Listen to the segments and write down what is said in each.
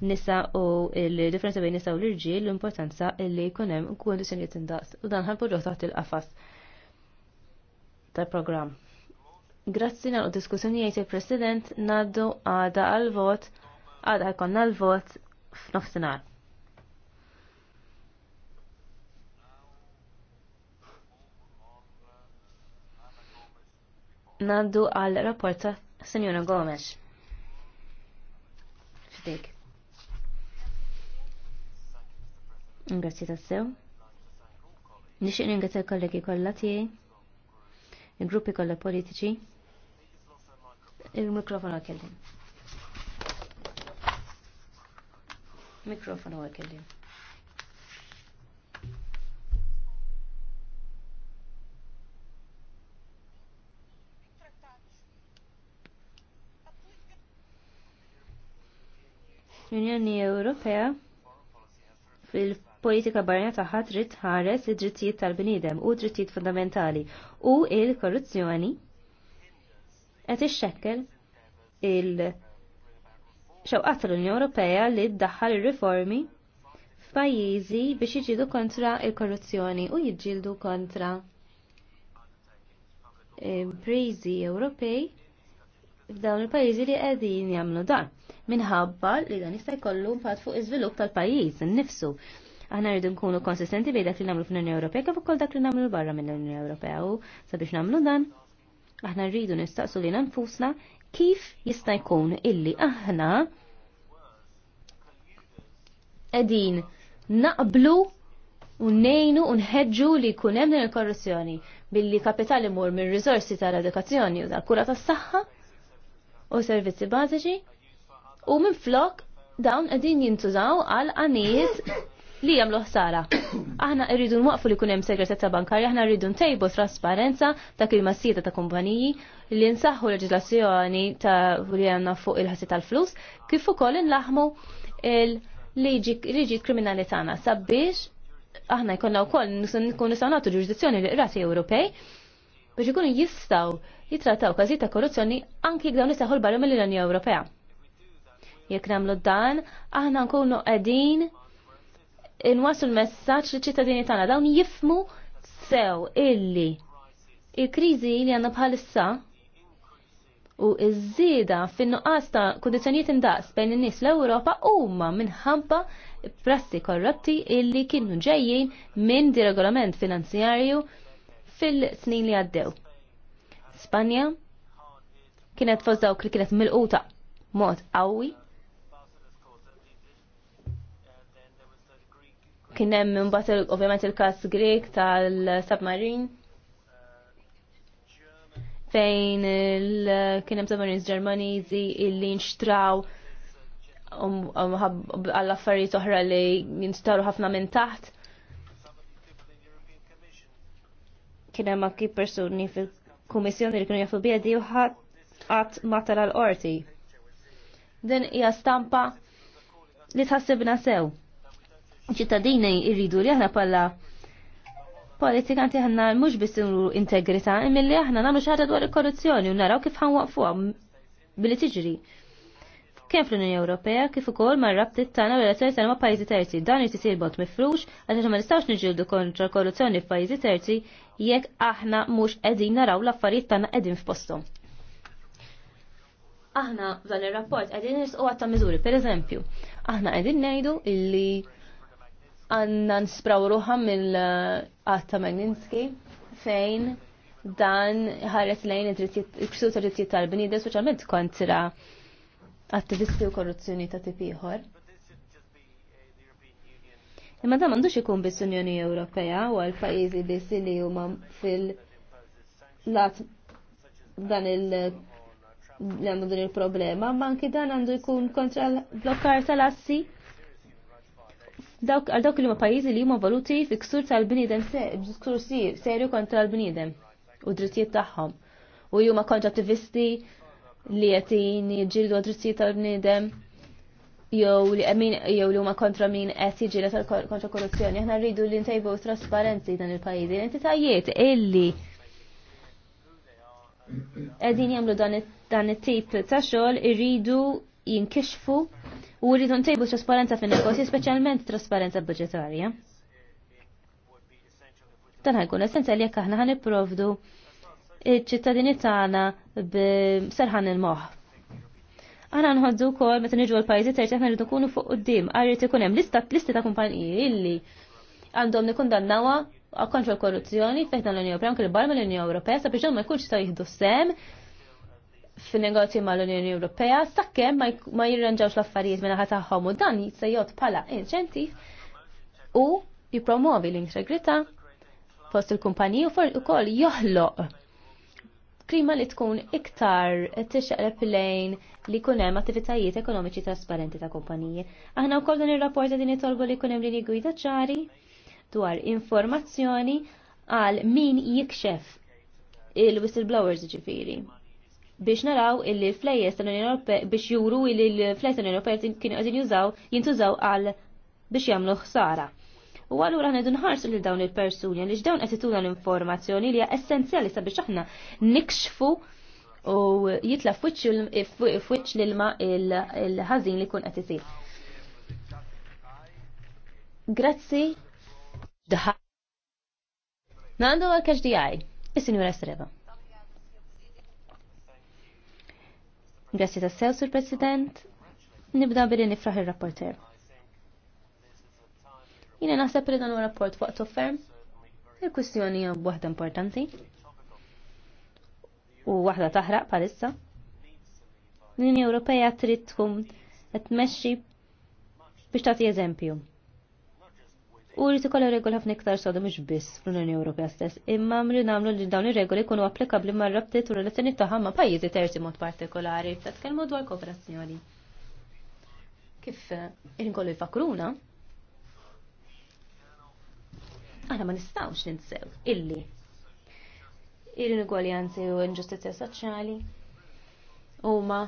nisa u l-differenza bejn nisa u l-irġiel l-importanza li jkun hemm indaqs u dan ħanpoġġu taħt il-qafas tal-programm. Grazzi nagħlqu diskussjoni jgħid il-President ngħaddu għada għal-vot għada jkollna għal vot f'nofsinhar. Naddu għal rapporta ta' Senjora Gomes. Fidejk. Grazzi tassew. Nixin ingrazzi l-kollegi kollha tiegħi, il-gruppi kollha politiċi. Il-mikrofon għakellin. Mikrofon għakellim. L-Unjoni Ewropea fil politika barrina tagħha trid tħares id-drittijiet tal-bniedem u drittijiet fundamentali u il-korruzzjoni qed ixxekkel il xewqat tal-Unjoni Ewropea li ddaħħal ir-riformi f'pajjiżi biex jiġidu kontra il-korruzzjoni u jiġġieldu kontra imprizi Ewropej f'dawn il-pajjiżi li qegħdin jagħmlu dan minħabba li dan jista' jkollu impatt fuq iż-żvilupp tal-pajjiż innifsu. Aħna rridu nkunu konsistenti bejn dak li nagħmlu fl-Unjoni Ewropea kif ukoll dak li nagħmlu barra mill-Unjoni Ewropea u sabiex nagħmlu dan aħna rridu nistaqsu lil nfusna kif jista' jkun illi aħna qegħdin naqblu u nejnu u nħedġu li hemm din il-korruzzjoni billi kapitali imur minn riżorsi tal-edukazzjoni u tal-kura tas-saħħa u servizzi bażiċi u minn flok dawn qegħdin jintużaw għal qanijiet li l ħsara. Aħna rridu nwaqfu li kunem hemm segretezza bankarja, aħna rridu ntejbu trasparenza ta' kien massieta ta' kumpaniji li nsaħħu leġislazzjoni ta' li għandna fuq il-ħassi tal-flus kif ukoll inlaħmu il-liġi kriminali tagħna sabiex aħna jkollna wkoll nkun nistgħu nagħtu ġurisdizzjoni li l-Rrati Ewropej biex ikunu jistgħu jitrattaw kazi ta' korruzzjoni anki jekk dawn l-barru mill-Unjoni Ewropea. Jekk nagħmlu dan, aħna nkunu qegħdin inwasu l-messaġġ li ċittadini tagħna dawn jifmu sew illi il-kriżi li għandna bħalissa u iż-żieda fin-nuqqas ta' kundizzjonijiet indaqs bejn in-nies l-Ewropa huma minħabba prassi korrotti illi kienu ġejjin minn diregolament finanzjarju fil-snin li għaddew. Spanja kienet fost dawk li kienet milquta mod qawwi kien hemm imbagħad ovvjament il-każ Grek tal-submarin fejn kien hemm submarines Ġermaniżi illi nxtraw um, um, għall affarijiet oħra li nxtaru ħafna minn taħt. Kien hemm ki persuni fil-kummissjoni li kienu jafu biedi u ħadd ma l-qorti. Din hija stampa li tħassibna sew ċittadini irridu li aħna palla politikanti ħanna mhux biss integrità milli aħna nagħmlu xi dwar il-korruzzjoni u naraw kif ħanwaqfuha billi tiġri. Kemm fl-Unjoni Ewropea kif ukoll mar-rabtiet tagħna relazzjoni tagħna ma' pajjiżi terzi dan irid isir bot mifrux għaliex ma nistgħux niġġieldu kontra korruzzjoni f'pajjiżi terzi jekk aħna mhux qegħdin naraw l-affarijiet tagħna qegħdin f'posthom aħna dan ir rapport qegħdin nisqu ta' miżuri. Pereżempju, aħna qegħdin ngħidu illi għanna nispraw ruħa mill-għatta Magninski fejn dan ħares lejn il ksut ta' drittijiet tal-bniedem speċjalment kontra attivisti u korruzzjoni ta' tip ieħor. Imma dan m'għandux ikun biss Unjoni Ewropea u għal pajjiżi biss li huma fil-lat dan il- l-għandu din il-problema, ma anki dan għandu jkun kontra l-blokkar tal-assi dawk għal dawk li huma pajjiżi li huma valuti fi ksur tal-bniedem ksur serju kontra l-bniedem u drittijiet tagħhom. U huma kontra attivisti li qed jġildu drittijiet tal-bniedem jew li min jew li huma kontra min qed jiġġieled kontra korruzzjoni. Aħna rridu li ntejbu trasparenzi dan il-pajjiżi. Entitajiet illi qegħdin jagħmlu dan it-tip ta' xogħol irridu jinkixfu u rridu ntejbu trasparenza fin negozji speċjalment trasparenza budġetarja. Dan ħajkun essenzjali jekk aħna ħanipprovdu iċ-ċittadini tagħna b'serħan il-moħħ. Aħna nħoddu wkoll meta niġu l-pajjiżi terġa' aħna rridu nkunu fuq quddiem, għarrid ikun hemm lista listi ta' kumpaniji illi għandhom dannawa kontra l-korruzzjoni fejn l-Unjoni Ewropea anke l-barma l-Unjoni Ewropea sabiex dan ma jkunx ta' jieħdu sem fin-negozji mal-Unjoni Ewropea sakkemm ma jirranġawx l-affarijiet minna ħadd tagħhom u dan jitsejjod bħala inċentiv u jippromovi l-integrità fost il-kumpaniji u ukoll joħloq klima li tkun iktar tixqreb lejn li kunem hemm attivitajiet ekonomiċi trasparenti ta' kumpaniji. Aħna wkoll dan il rapport din itolbu li kunem hemm linji gwida ċari dwar informazzjoni għal min jikxef il-whistleblowers ġifiri biex naraw illi flejjes tal-Unjoni Ewropea biex juru illi l-flejjes tal-Unjoni Ewropea kienu qegħdin jużaw jintużaw għal biex jagħmlu ħsara. U għallura ħna nħarsu li dawn il-persuni li x'dawn qed ituna l-informazzjoni li hija essenzjali sabiex aħna nikxfu u jitla f'wiċċ l-ilma il-ħażin li kun qed isir. Grazzi. Daħ. Nandu għal-kaġdijaj. Is-sinjura Sreba. Grazie ta' sew, Sur President. Nibda billi nifraħ il-rapporter. Jina naħseb li dan u rapport fuq ferm. Il-kwistjoni hija waħda importanti. U waħda taħraq palissa. L-Unjoni Ewropea trid tkun qed tmexxi biex tagħti eżempju u li tikolla regoli ħafna iktar soda mhux biss fl-Unjoni Ewropea stess, imma mri nagħmlu li dawn ir-regoli jkunu applikabbli mar-rabtiet u relazzjoni tagħha ma' pajjiżi terzi mod partikolari ta' tkellmu dwar kooperazzjoni. Kif eh, nkollu jfakruna, aħna ma nistgħux ninsew illi il-inugwaljanzi u inġustizja soċjali huma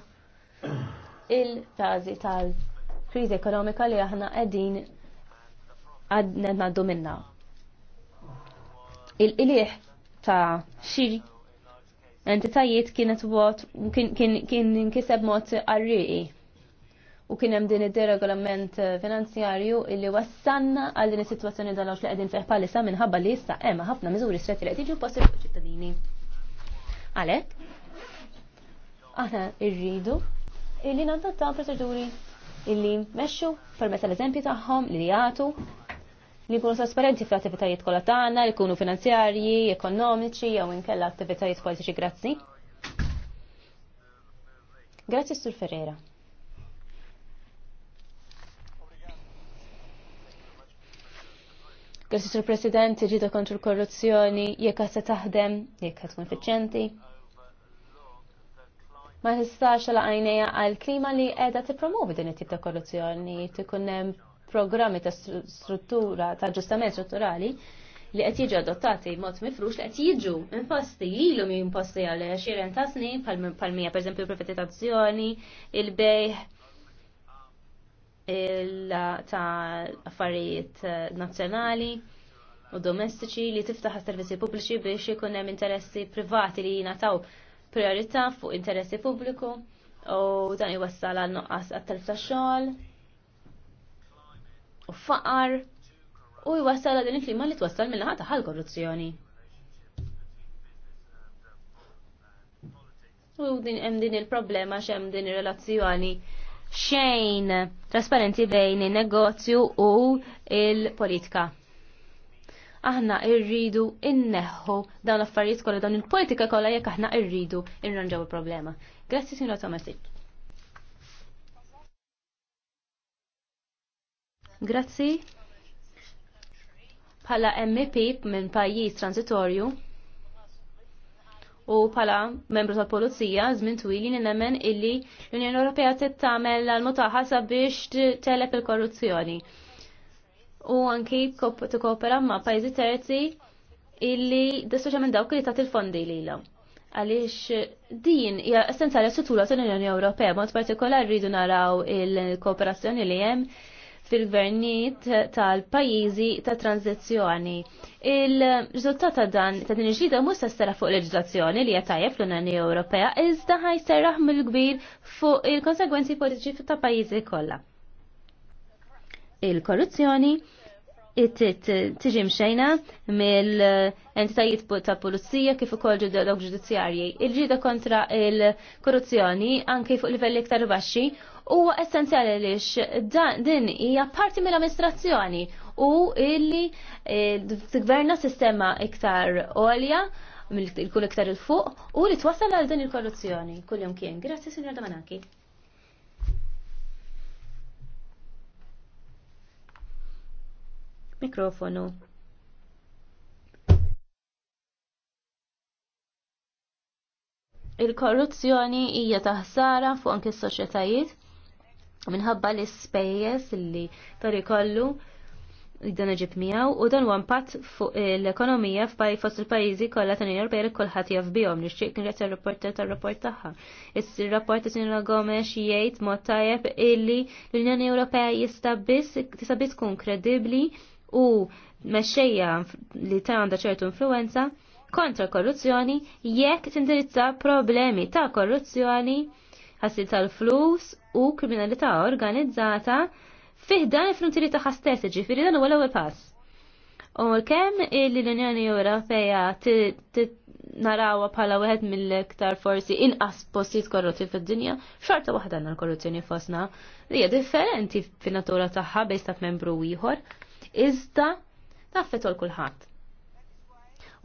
il-fażi tal-kriżi ekonomika li aħna qegħdin għadna għaddu minna. Il-iliħ ta' xi entitajiet kienet vot kien kiseb mod arriqi u kien hemm din id-deregolament finanzjarju illi wassanna għal din is-sitwazzjoni dan li qegħdin fih bħalissa minħabba li issa hemm ħafna miżuri stretti li qed jiġu posti fuq ċittadini. Għalhekk aħna rridu illi nadattaw proċeduri illi mexxu permezz tal-eżempju tagħhom li jagħtu li jkunu trasparenti fl-attivitajiet kollha tagħna, li jkunu finanzjarji, ekonomiċi jew inkella attivitajiet politiċi. Grazzi. Grazzi Sur Ferreira. Grazzi Sur President, ġida kontra l-korruzzjoni, jekk se taħdem, jekk tkun effiċjenti ma nistax għal għajnija għal klima li edha tippromovi din it-tip ta' korruzzjoni, tikun hemm programmi ta' struttura ta' ġustament strutturali li qed jiġu adottati mod mifrux li qed jiġu imposti ilu mi imposti għal 20 ta' snin bħal-mija pereżempju privatizzazzjoni, il-bejħ ta' affarijiet eh, nazzjonali u domestiċi li tiftaħ servizzi pubbliċi biex ikun hemm interessi privati li jingħataw priorità fuq interessi pubbliku u dan iwassal għal nuqqas għat-telf ta' xogħol u faqar u jwassal din il-klima li twassal mill-ħata ħal korruzzjoni. U din hemm din il-problema x'hemm din ir-relazzjoni xejn trasparenti bejn il-negozju u il-politika. Aħna irridu inneħħu dawn l-affarijiet kollha dawn il-politika kollha jekk aħna irridu irranġaw il-problema. Grazzi Sinu Tomasic. Grazzi. Pala MEP minn pajjiż transitorju u bħala membru tal-Polizija żmien twil li nemmen illi l-Unjoni Ewropea tit tagħmel l-mutaħa sabiex telep il-korruzzjoni u anki t ma' pajjiżi terzi illi d minn dawk li tagħti il-fondi li Għaliex din hija essenzjali struttura tal-Unjoni Ewropea, mod partikolari rridu naraw il-kooperazzjoni li hemm fil-gvernijiet tal-pajjiżi ta' tranzizjoni. Il-riżultat ta' dan ta' din il-ġlida mhux sera fuq leġislazzjoni li hija fl-Unjoni Ewropea iżda ħajserraħ mill-kbir fuq il-konsegwenzi politiċi ta' pajizi kollha. Il-korruzzjoni tiġi mxejna mill-entitajiet ta' pulizija kif ukoll ġidolog ġudizzjarji. Il-ġida kontra il-korruzzjoni anke fuq livelli iktar baxxi huwa essenzjali li din hija parti mill-amministrazzjoni u illi eh, tgverna sistema iktar olja mill kull iktar il-fuq u li twassal għal din il-korruzzjoni. Kull jum kien. Grazie, Signor Damanaki. Mikrofonu. Il-korruzzjoni hija taħsara fuq anke s-soċjetajiet minħabba l ispejjeż li tar ikollu dan ġib miegħu u dan huwa impatt fuq l-ekonomija f'paj fost il-pajjiżi kollha ta' New York kulħadd jaf bihom nixtieq kienet ir rapporter tar-rapport tagħha. Is-rapport ta' Sinra Gomes jgħid mod tajjeb illi l-Unjoni Ewropea jista' biss tista' biss tkun kredibbli u mexxejja li ta' għandha ċertu influenza kontra korruzzjoni jekk tindirizza problemi ta' korruzzjoni, ħassil tal-flus u kriminalità organizzata fiħdan il-frontieri tagħha stess, ġifieri dan huwa l-ewwel pass. U kemm l-Unjoni Ewropea narawha bħala wieħed mill-iktar forsi inqas postijiet korrotti fid-dinja, xorta waħda għandna l-korruzzjoni fosna li hija differenti fin-natura tagħha bejn stat membru ieħor iżda taffetol kulħadd.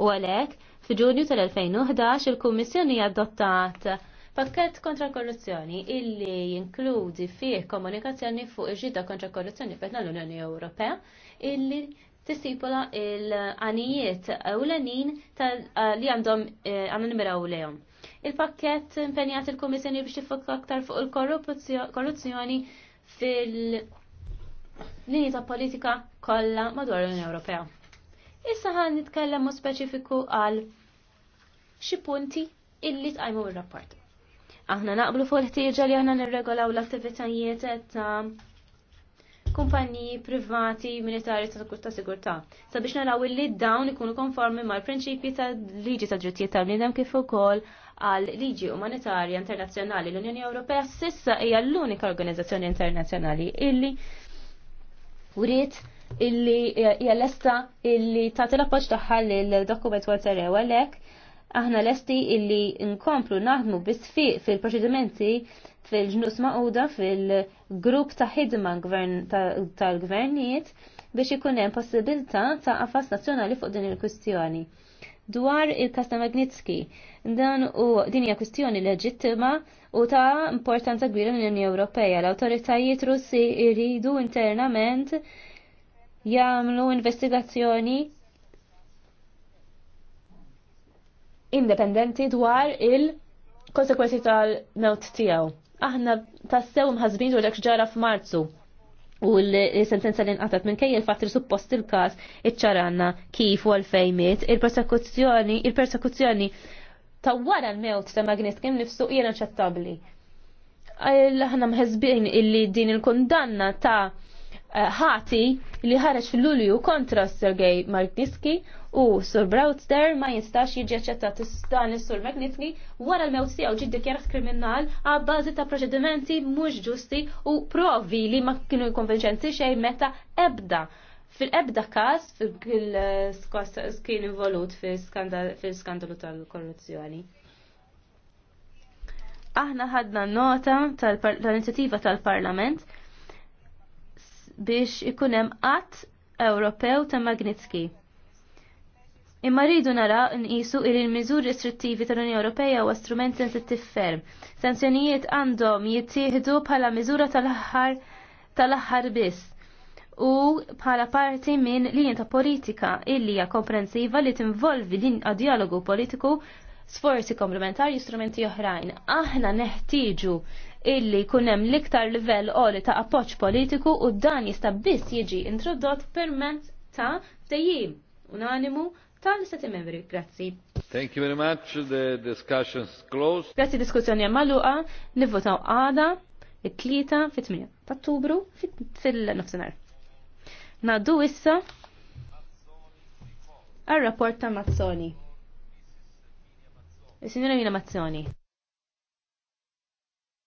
U għalhekk f'Ġunju tal-2011 il-Kummissjoni adottat pakket kontra korruzzjoni illi jinkludi fih komunikazzjoni fuq iġida kontra korruzzjoni fetna l-Unjoni Ewropea illi tistipula il-għanijiet ewlenin eh, li għandhom eh, għandhom nimiraw lejhom. Il-pakket impenjat il-Kummissjoni biex tifokka aktar fuq il-korruzzjoni fil- linji ta' politika kollha madwar l-Unjoni Ewropea. Issa ħan nitkellem speċifiku għal xi punti illi tqajmu r-rapport. Aħna naqblu fuq il ħtieġa li aħna nirregolaw l-attivitajiet ta' kumpaniji privati militari ta' sigurtà sabiex naraw illi dawn ikunu konformi mal-prinċipji ta' liġi ta' drittijiet tal-bniedem kif ukoll għal liġi umanitarja internazzjonali. L-Unjoni Ewropea sissa hija l-unika organizzazzjoni internazzjonali illi Wriet illi eh, hija lesta illi ta' l-appoġġ taħħal lill-dokument Walter għalek, aħna lesti illi nkomplu naħdmu bisfiq fil-proċedimenti fil-ġnus maquda fil-grupp ta' ħidma tal-gvernijiet biex ikun hemm possibilità ta' qafas nazzjonali fuq din il-kwistjoni dwar il-Kasta Magnitski. Dan u dinja kwistjoni leġittima u ta' importanza kbira l-Unjoni Ewropea. L-autoritajiet russi jridu internament jagħmlu investigazzjoni indipendenti dwar il-konsekwenzi tal-mewt tiegħu. Aħna tassew mħazbin u dak ġara f'Marzu u l-sentenza li nqatat minn kejjel fattri suppost il-kas iċċaranna kif u għalfejmiet il-persekuzzjoni il-persekuzzjoni ta' wara l-mewt ta' Magnitsky nifsu jena ċattabli. Aħna mħezbin illi din il kundanna ta' Eh, ħati li ħareġ fil-Lulju kontra Sergej Magnitsky u Sur Brautster ma jistax jiġi aċċettat dan is-Sur Magnitsky wara l-mewt tiegħu ġid dikjarat kriminal għal bażi ta' proċedimenti mhux ġusti u provi li ma kienu konvinċenti xejn meta ebda fil-ebda każ fil-kien involut fil-skandalu tal-korruzzjoni. Aħna ħadna nota tal-inizjattiva tal-Parlament tal parlament biex ikun hemm qatt Ewropew ta' Magnitsky. Imma rridu nara nqisu il il-miżuri restrittivi tal-Unjoni Ewropea huwa strument sensittiv ferm. Sanzjonijiet għandhom jittieħdu bħala miżura tal-aħħar tal-aħħar biss u bħala parti minn linja ta' politika illi hija komprensiva li tinvolvi linja dialogu politiku sforzi komplementari strumenti oħrajn. Aħna neħtieġu illi kunem liktar livell oli ta' appoċ politiku u dan jista' biss jiġi introdott permezz ta' tejjim unanimu tal Seti membri. Grazzi. Thank you very much. The discussion's closed. Grazzi diskussjoni għamaluqa, nivvotaw għada it-tlieta fit-8 ta' ottubru fil-nofsenar. Naddu issa għal-rapport ta' Mazzoni. Il-Sinjora Mina Mazzoni.